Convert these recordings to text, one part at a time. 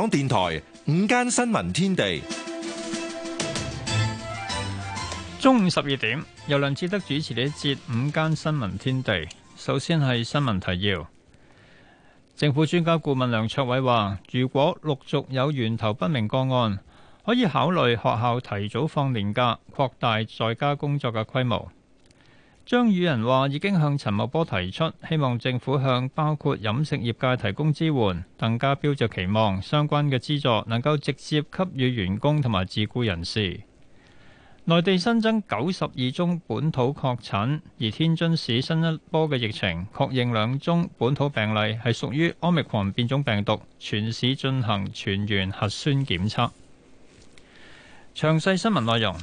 港電台午間新聞天地，中午十二點，由梁志德主持呢一節午間新聞天地。首先係新聞提要，政府專家顧問梁卓偉話，如果陸續有源頭不明個案，可以考慮學校提早放年假，擴大在家工作嘅規模。張宇人話已經向陳茂波提出，希望政府向包括飲食業界提供支援。鄧家彪就期望相關嘅資助能夠直接給予員工同埋自僱人士。內地新增九十二宗本土確診，而天津市新一波嘅疫情確認兩宗本土病例係屬於奧密克戎變種病毒，全市進行全員核酸檢測。詳細新聞內容。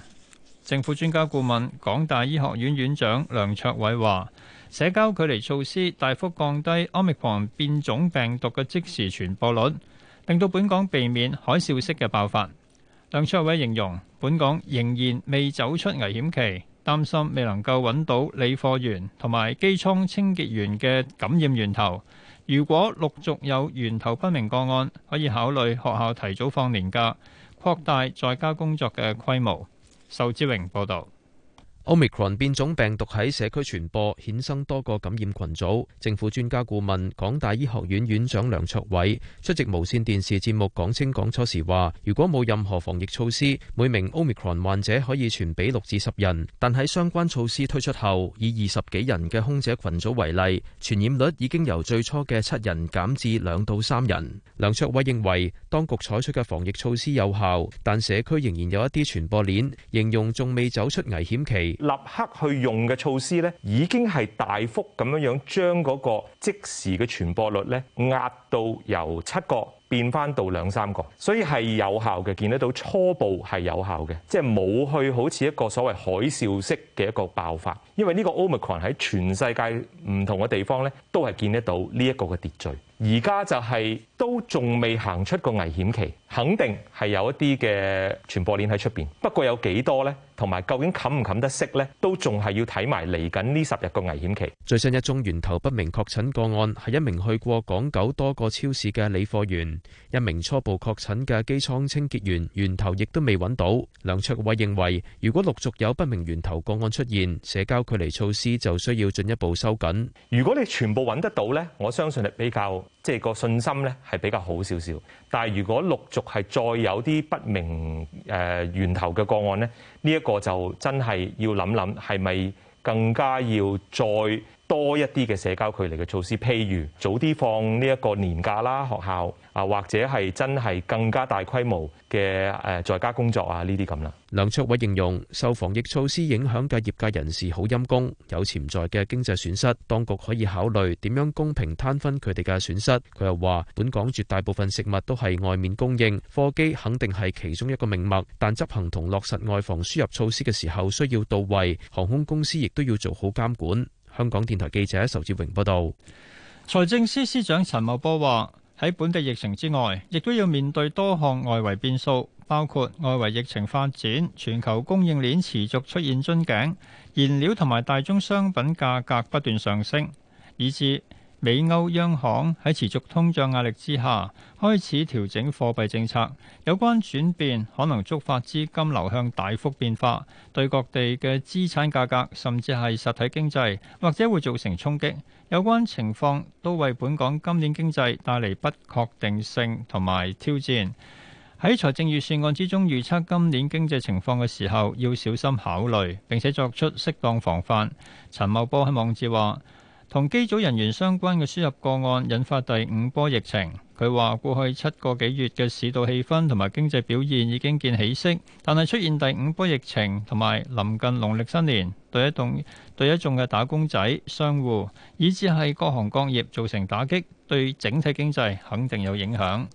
政府專家顧問、港大醫學院院長梁卓偉話：社交距離措施大幅降低 Omicron 變種病毒嘅即時傳播率，令到本港避免海嘯式嘅爆發。梁卓偉形容本港仍然未走出危險期，擔心未能夠揾到理貨員同埋機艙清潔員嘅感染源頭。如果陸續有源頭不明個案，可以考慮學校提早放年假，擴大在家工作嘅規模。壽之榮報道。Omicron 變種病毒喺社區傳播，衍生多個感染群組。政府專家顧問、港大醫學院院長梁卓偉出席無線電視節目講清講楚時話，如果冇任何防疫措施，每名 Omicron 患者可以傳俾六至十人。但喺相關措施推出後，以二十幾人嘅空姐群組為例，傳染率已經由最初嘅七人減至兩到三人。梁卓偉認為，當局採取嘅防疫措施有效，但社區仍然有一啲傳播鏈，形容仲未走出危險期。立刻去用嘅措施呢，已經係大幅咁樣樣將嗰個即時嘅傳播率呢壓到由七個變翻到兩三個，所以係有效嘅，見得到初步係有效嘅，即係冇去好似一個所謂海嘯式嘅一個爆發，因為呢個奧密克戎喺全世界唔同嘅地方呢都係見得到呢一個嘅秩序。而家就係都仲未行出個危險期，肯定係有一啲嘅傳播鏈喺出邊。不過有幾多呢？同埋究竟冚唔冚得熄呢？都仲係要睇埋嚟緊呢十日個危險期。最新一宗源頭不明確診個案係一名去過港九多個超市嘅理貨員，一名初步確診嘅機艙清潔員源頭亦都未揾到。梁卓偉認為，如果陸續有不明源頭個案出現，社交距離措施就需要進一步收緊。如果你全部揾得到呢，我相信係比較。即係個信心咧，係比較好少少。但係如果陸續係再有啲不明誒源頭嘅個案咧，呢一個就真係要諗諗，係咪更加要再。多一啲嘅社交距離嘅措施，譬如早啲放呢一個年假啦，學校啊，或者係真係更加大規模嘅誒在家工作啊，呢啲咁啦。梁卓偉形容受防疫措施影響嘅業界人士好陰功，有潛在嘅經濟損失，當局可以考慮點樣公平攤分佢哋嘅損失。佢又話：本港絕大部分食物都係外面供應，貨機肯定係其中一個命脈，但執行同落實外防輸入措施嘅時候需要到位，航空公司亦都要做好監管。香港電台記者仇志榮報道，財政司司司長陳茂波話，喺本地疫情之外，亦都要面對多項外圍變數，包括外圍疫情發展、全球供應鏈持續出現樽頸、燃料同埋大宗商品價格不斷上升，以致，美歐央行喺持續通脹壓力之下，開始調整貨幣政策。有關轉變可能觸發資金流向大幅變化，對各地嘅資產價格甚至係實體經濟，或者會造成衝擊。有關情況都為本港今年經濟帶嚟不確定性同埋挑戰。喺財政預算案之中預測今年經濟情況嘅時候，要小心考慮並且作出適當防範。陳茂波喺網誌話，同機組人員相關嘅輸入個案，引發第五波疫情。佢話：過去七個幾月嘅市道氣氛同埋經濟表現已經見起色，但係出現第五波疫情同埋臨近農曆新年，對一棟對一眾嘅打工仔、商戶，以至係各行各業造成打擊，對整體經濟肯定有影響。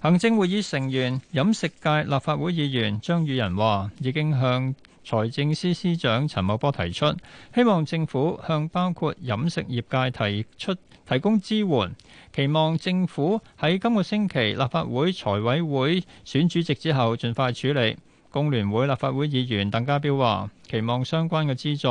行政會議成員、飲食界立法會議員張宇人話：已經向財政司司長陳茂波提出，希望政府向包括飲食業界提出提供支援，期望政府喺今個星期立法會財委會選主席之後，盡快處理。工聯會立法會議員鄧家彪話：期望相關嘅資助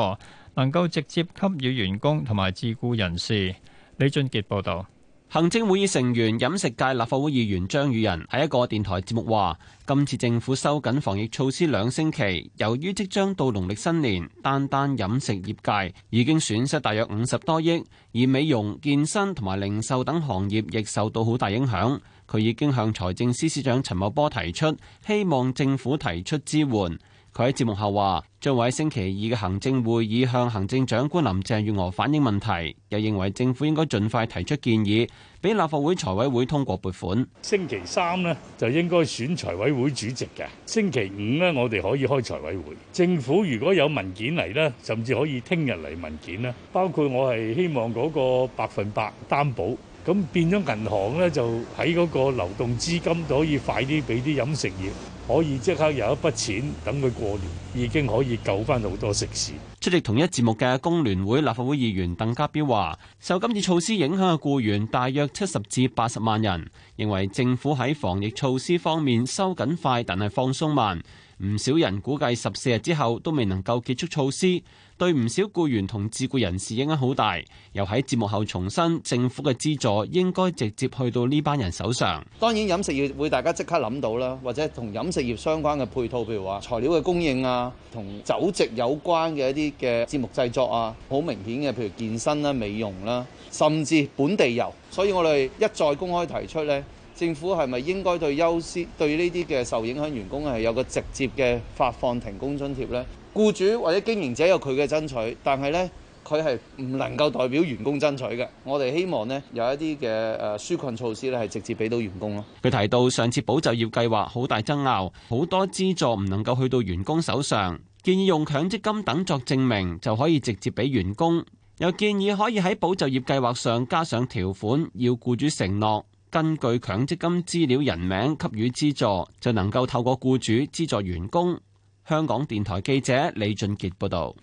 能夠直接給予員工同埋自僱人士。李俊傑報導。行政會議成員、飲食界立法會議員張宇人喺一個電台節目話：今次政府收緊防疫措施兩星期，由於即將到農曆新年，單單飲食業界已經損失大約五十多億，而美容、健身同埋零售等行業亦受到好大影響。佢已經向財政司司長陳茂波提出，希望政府提出支援。佢喺節目後話：將會喺星期二嘅行政會議向行政長官林鄭月娥反映問題，又認為政府應該盡快提出建議，俾立法會財委會通過撥款。星期三呢，就應該選財委會主席嘅，星期五呢，我哋可以開財委會。政府如果有文件嚟呢，甚至可以聽日嚟文件呢，包括我係希望嗰個百分百擔保，咁變咗銀行呢，就喺嗰個流動資金都可以快啲俾啲飲食業。可以即刻有一筆錢，等佢過年已經可以救翻好多食肆。出席同一節目嘅工聯會立法會議員鄧家彪話，受今次措施影響嘅雇員大約七十至八十萬人，認為政府喺防疫措施方面收緊快，但係放鬆慢。唔少人估計十四日之後都未能夠結束措施，對唔少雇員同自雇人士影響好大。又喺節目後重申，政府嘅資助應該直接去到呢班人手上。當然飲食業會大家即刻諗到啦，或者同飲。職業相關嘅配套，譬如話材料嘅供應啊，同酒席有關嘅一啲嘅節目製作啊，好明顯嘅，譬如健身啦、美容啦，甚至本地遊。所以我哋一再公開提出呢，政府係咪應該對優先對呢啲嘅受影響員工係有個直接嘅發放停工津貼呢？僱主或者經營者有佢嘅爭取，但係呢。佢係唔能夠代表員工爭取嘅，我哋希望呢，有一啲嘅誒紓困措施咧，係直接俾到員工咯。佢提到上次保就業計劃好大爭拗，好多資助唔能夠去到員工手上，建議用強積金等作證明就可以直接俾員工。又建議可以喺保就業計劃上加上條款，要雇主承諾根據強積金資料人名給予資助，就能夠透過雇主資助員工。香港電台記者李俊杰報道。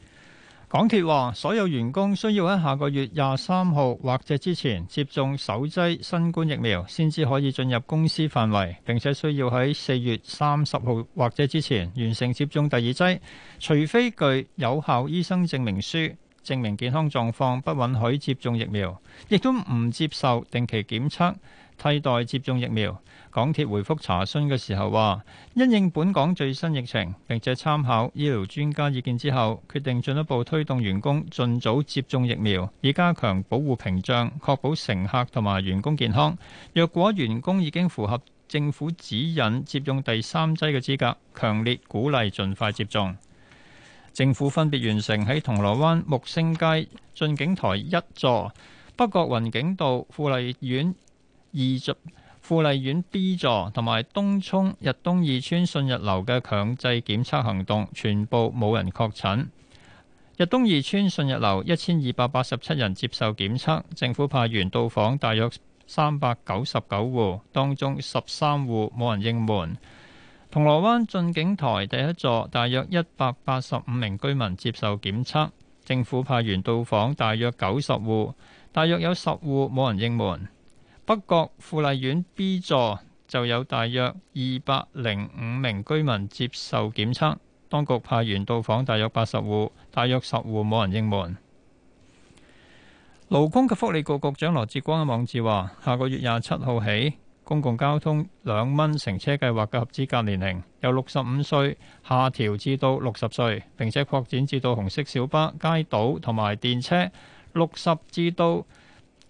港鐵話：所有員工需要喺下個月廿三號或者之前接種首劑新冠疫苗，先至可以進入公司範圍。並且需要喺四月三十號或者之前完成接種第二劑，除非具有效醫生證明書。證明健康狀況不允許接種疫苗，亦都唔接受定期檢測替代接種疫苗。港鐵回覆查詢嘅時候話，因應本港最新疫情，並且參考醫療專家意見之後，決定進一步推動員工盡早接種疫苗，以加強保護屏障，確保乘客同埋員工健康。若果員工已經符合政府指引接種第三劑嘅資格，強烈鼓勵盡快接種。政府分別完成喺銅鑼灣木星街、駿景台一座、北角雲景道富麗苑二座、富麗苑 B 座，同埋東涌日東二村信日樓嘅強制檢測行動，全部冇人確診。日東二村信日樓一千二百八十七人接受檢測，政府派員到訪大約三百九十九戶，當中十三戶冇人應門。銅鑼灣駿景台第一座，大約一百八十五名居民接受檢測，政府派員到訪大約九十戶，大約有十戶冇人應門。北角富麗苑 B 座就有大約二百零五名居民接受檢測，當局派員到訪大約八十戶，大約十戶冇人應門。勞工及福利局局長羅致光嘅網誌話：下個月廿七號起，公共交通兩蚊乘車計劃嘅合資格年齡由六十五歲下調至到六十歲，並且擴展至到紅色小巴、街渡同埋電車，六十至到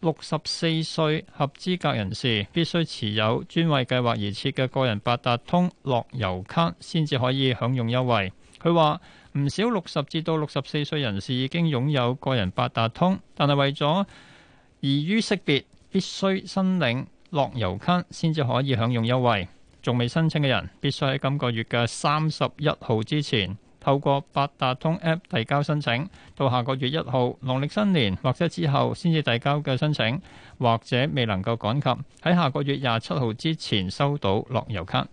六十四歲合資格人士必須持有專為計劃而設嘅個人八達通樂悠卡，先至可以享用優惠。佢話唔少六十至到六十四歲人士已經擁有個人八達通，但係為咗易於識別，必須申領。樂悠咭先至可以享用優惠，仲未申請嘅人必須喺今個月嘅三十一號之前，透過八達通 App 遞交申請。到下個月一號農曆新年或者之後先至遞交嘅申請，或者未能夠趕及喺下個月廿七號之前收到樂悠咭。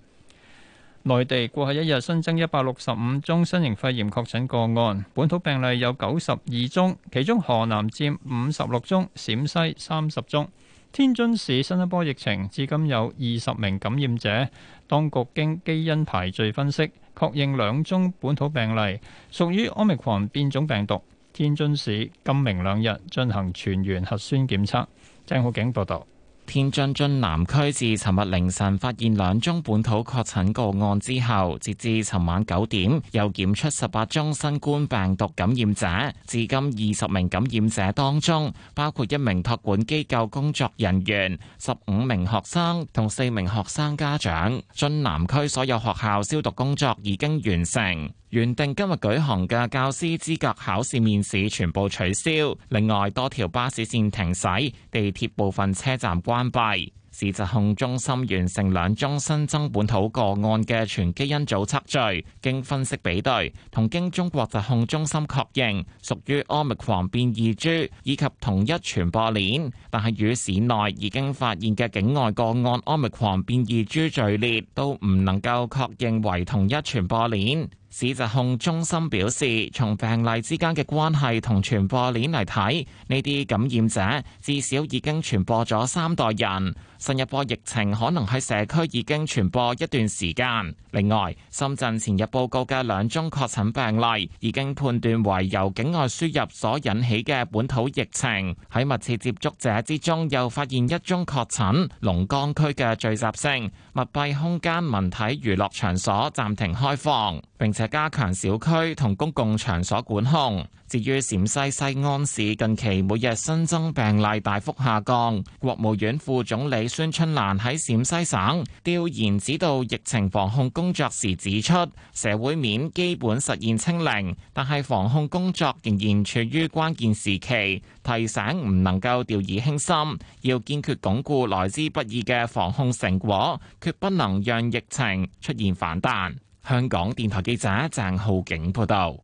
內地過去一日新增一百六十五宗新型肺炎確診個案，本土病例有九十二宗，其中河南佔五十六宗，陝西三十宗。天津市新一波疫情至今有二十名感染者，當局經基因排序分析，確認兩宗本土病例屬於奧密克戎變種病毒。天津市今明兩日進行全員核酸檢測。鄭浩景報道。天津津南區至尋日凌晨發現兩宗本土確診個案之後，截至尋晚九點，又檢出十八宗新冠病毒感染者。至今二十名感染者當中，包括一名託管機構工作人員、十五名學生同四名學生家長。津南區所有學校消毒工作已經完成。原定今日舉行嘅教師資格考試面試全部取消。另外，多條巴士線停駛，地鐵部分車站關閉。市疾控中心完成兩宗新增本土個案嘅全基因組測序，經分析比對，同經中國疾控中心確認，屬於奧密克戎變異株以及同一傳播鏈。但係與市內已經發現嘅境外個案奧密克戎變異株序列都唔能夠確認為同一傳播鏈。市疾控中心表示，從病例之間嘅關係同傳播鏈嚟睇，呢啲感染者至少已經傳播咗三代人，新一波疫情可能喺社區已經傳播一段時間，另外，深圳前日報告嘅兩宗確診病例已經判斷為由境外輸入所引起嘅本土疫情，喺密切接觸者之中又發現一宗確診。龍崗區嘅聚集性密閉空間、文體娛樂場所暫停開放。並且加強小區同公共場所管控。至於陝西西安市近期每日新增病例大幅下降，國務院副總理孫春蘭喺陝西省調研指導疫情防控工作時指出，社會面基本實現清零，但係防控工作仍然處於關鍵時期，提醒唔能夠掉以輕心，要堅決鞏固來之不易嘅防控成果，決不能讓疫情出現反彈。香港電台記者鄭浩景報道：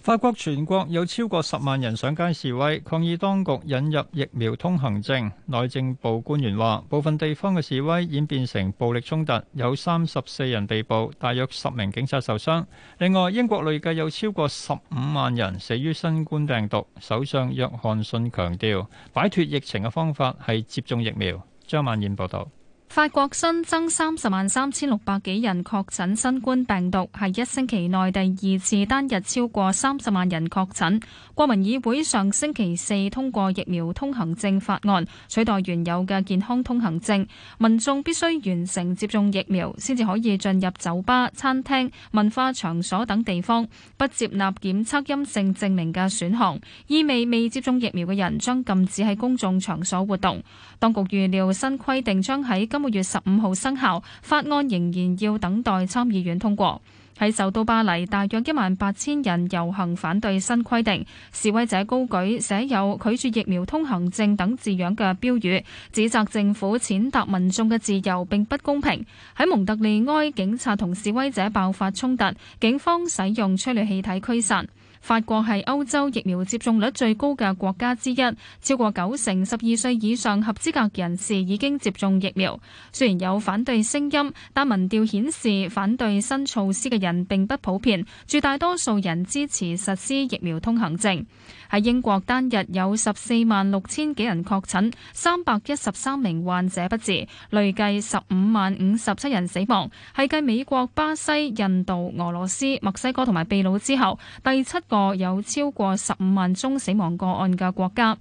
法國全國有超過十萬人上街示威，抗議當局引入疫苗通行證。內政部官員話，部分地方嘅示威演變成暴力衝突，有三十四人被捕，大約十名警察受傷。另外，英國累計有超過十五萬人死於新冠病毒。首相約翰遜強調，擺脫疫情嘅方法係接種疫苗。張曼燕報道。法國新增三十萬三千六百幾人確診新冠病毒，係一星期內第二次單日超過三十萬人確診。國民議會上星期四通過疫苗通行證法案，取代原有嘅健康通行證。民眾必須完成接種疫苗先至可以進入酒吧、餐廳、文化場所等地方，不接納檢測陰性證明嘅選項。意味未，未接種疫苗嘅人將禁止喺公眾場所活動。當局預料新規定將喺今三月十五號生效，法案仍然要等待參議院通過。喺首都巴黎，大約一萬八千人遊行反對新規定，示威者高舉寫有拒絕疫苗通行證等字樣嘅標語，指責政府踐踏民眾嘅自由，並不公平。喺蒙特利埃，警察同示威者爆發衝突，警方使用催淚氣體驅散。法國係歐洲疫苗接種率最高嘅國家之一，超過九成十二歲以上合資格人士已經接種疫苗。雖然有反對聲音，但民調顯示，反對新措施嘅人並不普遍，絕大多數人支持實施疫苗通行證。喺英國單日有十四萬六千幾人確診，三百一十三名患者不治，累計十五萬五十七人死亡，係繼美國、巴西、印度、俄羅斯、墨西哥同埋秘魯之後，第七個有超過十五萬宗死亡個案嘅國家。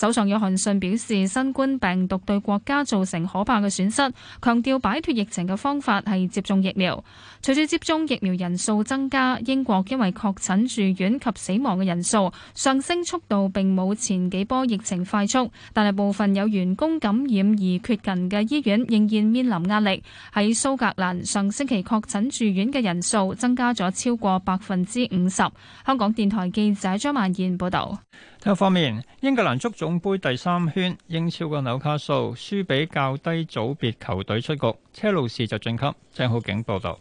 首相約翰遜表示，新冠病毒對國家造成可怕嘅損失，強調擺脫疫情嘅方法係接種疫苗。隨住接種疫苗人數增加，英國因為確診住院及死亡嘅人數上升速度，並冇前幾波疫情快速，但係部分有員工感染而缺勤嘅醫院仍然面臨壓力。喺蘇格蘭上星期確診住院嘅人數增加咗超過百分之五十。香港電台記者張曼燕報道。另一方面，英格蘭足總杯第三圈，英超嘅紐卡素輸俾較低組別球隊出局，車路士就晉級。鄭浩景報道。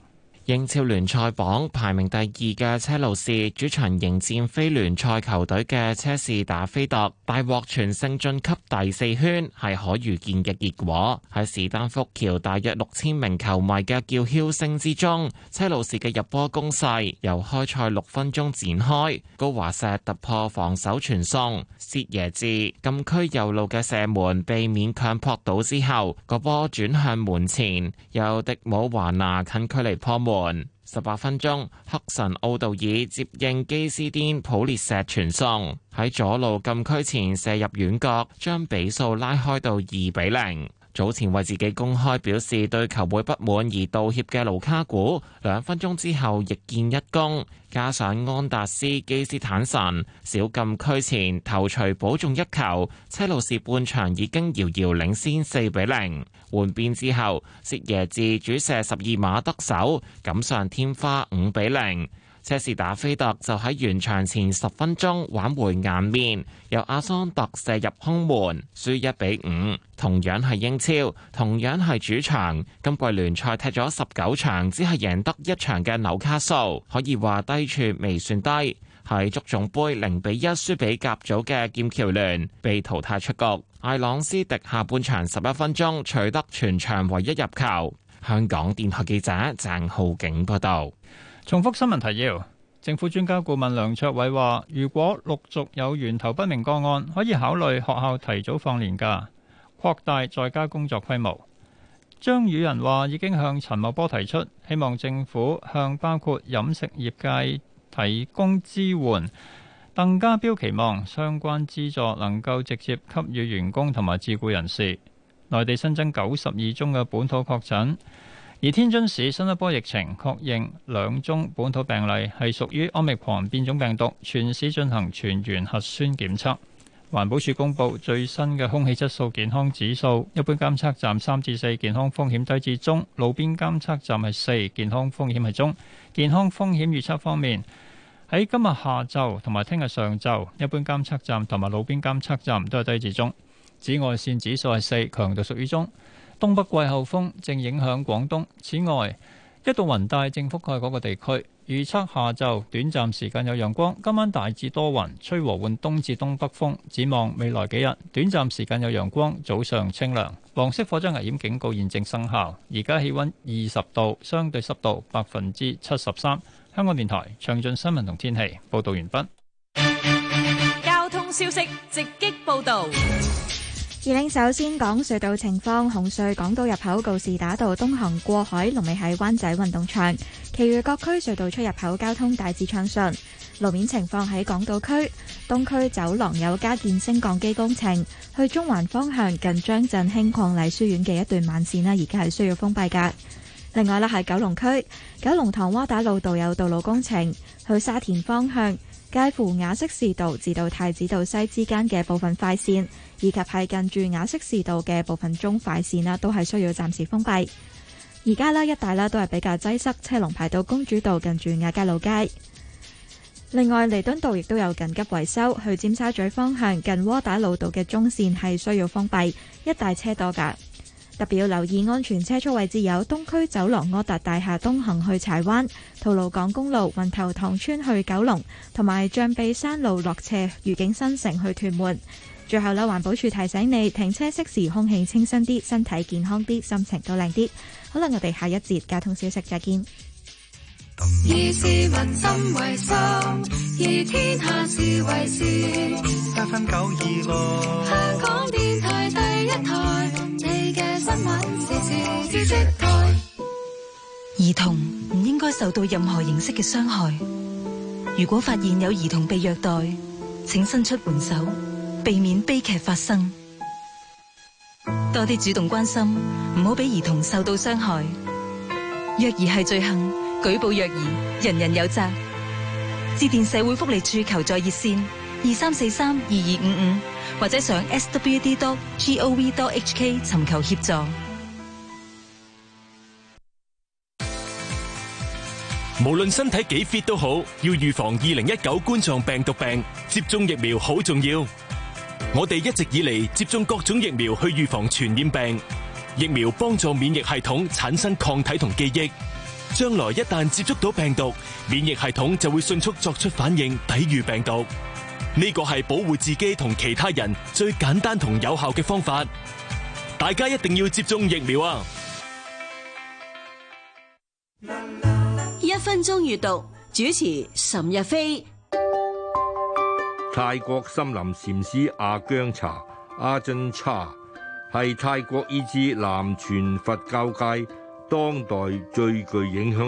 英超聯賽榜排名第二嘅車路士主場迎戰非聯賽球隊嘅車士打菲特，大獲全勝晉級第四圈係可預見嘅結果。喺史丹福橋大約六千名球迷嘅叫囂聲之中，車路士嘅入波攻勢由開賽六分鐘展開，高華石突破防守傳送，薛耶治禁區右路嘅射門被勉強撲倒之後，個波轉向門前，由迪姆華拿近距離破門。十八分鐘，黑神奧道爾接應基斯顛普列石傳送，喺左路禁區前射入遠角，將比數拉開到二比零。早前為自己公開表示對球會不滿而道歉嘅盧卡古，兩分鐘之後亦建一功，加上安達斯基斯坦臣小禁區前頭槌補中一球，車路士半場已經遙遙領先四比零。換邊之後，薛耶治主射十二碼得手，錦上添花五比零。車士打菲特就喺完場前十分鐘挽回顏面，由阿桑特射入空門，輸一比五。同樣係英超，同樣係主場，今季聯賽踢咗十九場，只係贏得一場嘅紐卡素，可以話低處未算低。喺足總杯零比一輸俾甲組嘅劍橋聯，被淘汰出局。艾朗斯迪下半場十一分鐘取得全場唯一入球。香港電台記者鄭浩景報道。重複新聞提要。政府專家顧問梁卓偉話，如果陸續有源頭不明個案，可以考慮學校提早放年假，擴大在家工作規模。張宇人話，已經向陳茂波提出，希望政府向包括飲食業界提供支援。鄧家彪期望相關資助能夠直接給予員工同埋自僱人士。內地新增九十二宗嘅本土確診。而天津市新一波疫情確認兩宗本土病例係屬於奧密克戎變種病毒，全市進行全員核酸檢測。環保署公布最新嘅空氣質素健康指數，一般監測站三至四，健康風險低至中；路邊監測站係四，健康風險係中。健康風險預測方面，喺今日下晝同埋聽日上晝，一般監測站同埋路邊監測站都係低至中。紫外線指數係四，強度屬於中。東北季候風正影響廣東。此外，一道雲帶正覆蓋嗰個地區。預測下晝短暫時間有陽光，今晚大致多雲，吹和緩東至東北風。展望未來幾日，短暫時間有陽光，早上清涼。黃色火災危險警告現正生效。而家氣溫二十度，相對濕度百分之七十三。香港電台詳盡新聞同天氣報道完畢。交通消息直擊報道。二零，首先講隧道情況，紅隧港島入口告士打道東行過海龍尾喺灣仔運動場，其餘各區隧道出入口交通大致暢順。路面情況喺港島區東區走廊有加建升降機工程，去中環方向近張振興伉儷書院嘅一段慢線咧，而家係需要封閉噶另外咧，喺九龍區九龍塘窩打老道有道路工程，去沙田方向。介乎雅息士道至到太子道西之間嘅部分快線，以及係近住雅息士道嘅部分中快線啦，都係需要暫時封閉。而家呢一帶啦都係比較擠塞，車龍排到公主道近住亞皆老街。另外，彌敦道亦都有緊急維修，去尖沙咀方向近窩打老道嘅中線係需要封閉，一帶車多噶。特別要留意安全車速位置，有東區走廊柯達大廈東行去柴灣，吐露港公路運頭塘村去九龍，同埋象鼻山路落斜御景新城去屯門。最後啦，環保署提醒你停車熄匙，空氣清新啲，身體健康啲，心情都靚啲。好啦，我哋下一節交通消息再見。以市民心為心，以天下事為事，八分九二香港電台第一台。兒童唔應該受到任何形式嘅傷害。如果發現有兒童被虐待，請伸出援手，避免悲劇發生。多啲主動關心，唔好俾兒童受到傷害。虐兒係罪行，舉報虐兒，人人有責。致電社會福利處求助熱線：二三四三二二五五。或者上 swd.gov.hk 尋求協助。無論身體幾 fit 都好，要預防二零一九冠狀病毒病，接種疫苗好重要。我哋一直以嚟接種各種疫苗去預防傳染病，疫苗幫助免疫系統產生抗體同記憶，將來一旦接觸到病毒，免疫系統就會迅速作出反應，抵禦病毒。呢個係保護自己同其他人最簡單同有效嘅方法，大家一定要接種疫苗啊！一分鐘閱讀，主持岑日飛。泰國森林禪師阿姜查阿姜查係泰國以至南傳佛教界當代最具影響。